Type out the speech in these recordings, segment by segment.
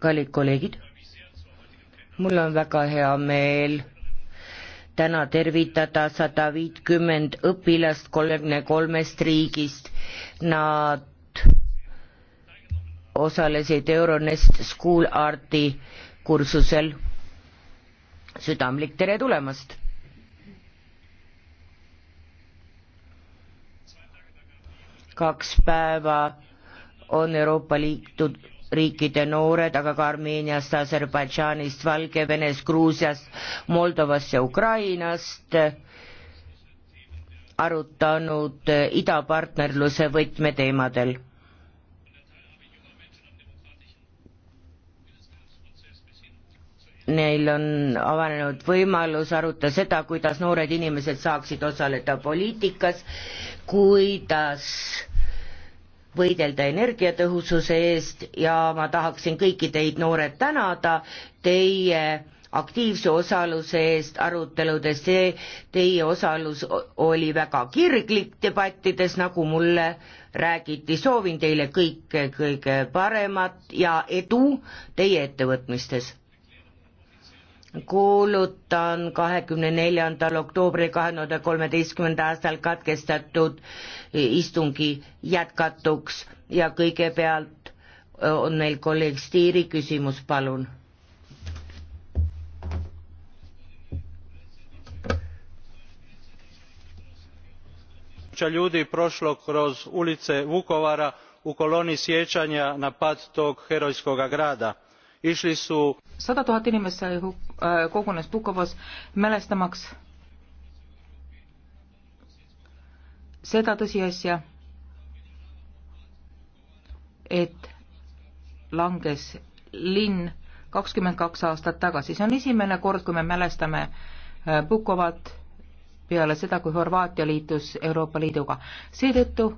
kallid kolleegid, mul on väga hea meel täna tervitada sada viitkümmend õpilast kolmekümne kolmest riigist. Nad osalesid Euronest School Arti kursusel. südamlik tere tulemast! kaks päeva on Euroopa Liitu riikide noored, aga ka Armeeniast, Aserbaidžaanist, Valgevenest, Gruusiast, Moldovast ja Ukrainast arutanud idapartnerluse võtmeteemadel. Neil on avanenud võimalus arutada seda, kuidas noored inimesed saaksid osaleda poliitikas, kuidas võidelda energiatõhususe eest ja ma tahaksin kõiki teid, noored, tänada teie aktiivse osaluse eest aruteludes, see teie osalus oli väga kirglik debattides, nagu mulle räägiti, soovin teile kõike kõige paremat ja edu teie ettevõtmistes kuulutan kahekümne neljandal oktoobril kahe tuhande kolmeteistkümnenda aastal katkestatud istungi jätkatuks ja kõigepealt on meil kolleeg Stiiri küsimus, palun. ljudi prošlo kroz ulice Vukovara u koloni sjećanja na pad tog herojskoga grada išli su... sada tuhat inimest sai äh, kogunes Pukovas mälestamaks seda tõsiasja, et langes linn kakskümmend kaks aastat tagasi, see on esimene kord, kui me mälestame äh, Pukovat peale seda, kui Horvaatia liitus Euroopa Liiduga. seetõttu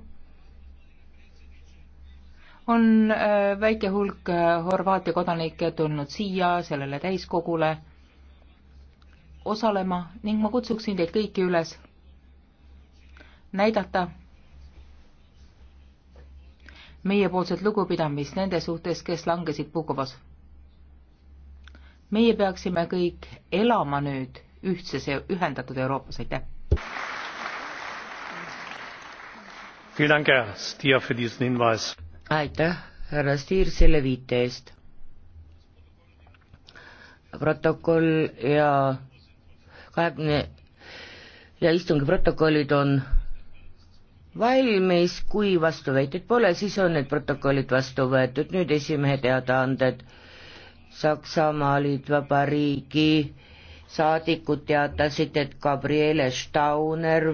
on äh, väike hulk äh, Horvaatia kodanikke tulnud siia sellele täiskogule osalema ning ma kutsuksin teid kõiki üles näidata meiepoolset lugupidamist nende suhtes, kes langesid Pukovas. meie peaksime kõik elama nüüd ühtses ja ühendatud Euroopas, aitäh! vielen dank herr stier für diesen hinweis aitäh, härra Stier, selle viite eest. protokoll ja kahekümne ja istungi protokollid on valmis, kui vastuväiteid pole, siis on need protokollid vastu võetud, nüüd esimehe teadaanded. Saksamaa Liitvabariigi saadikud teatasid, et Gabriele Stauner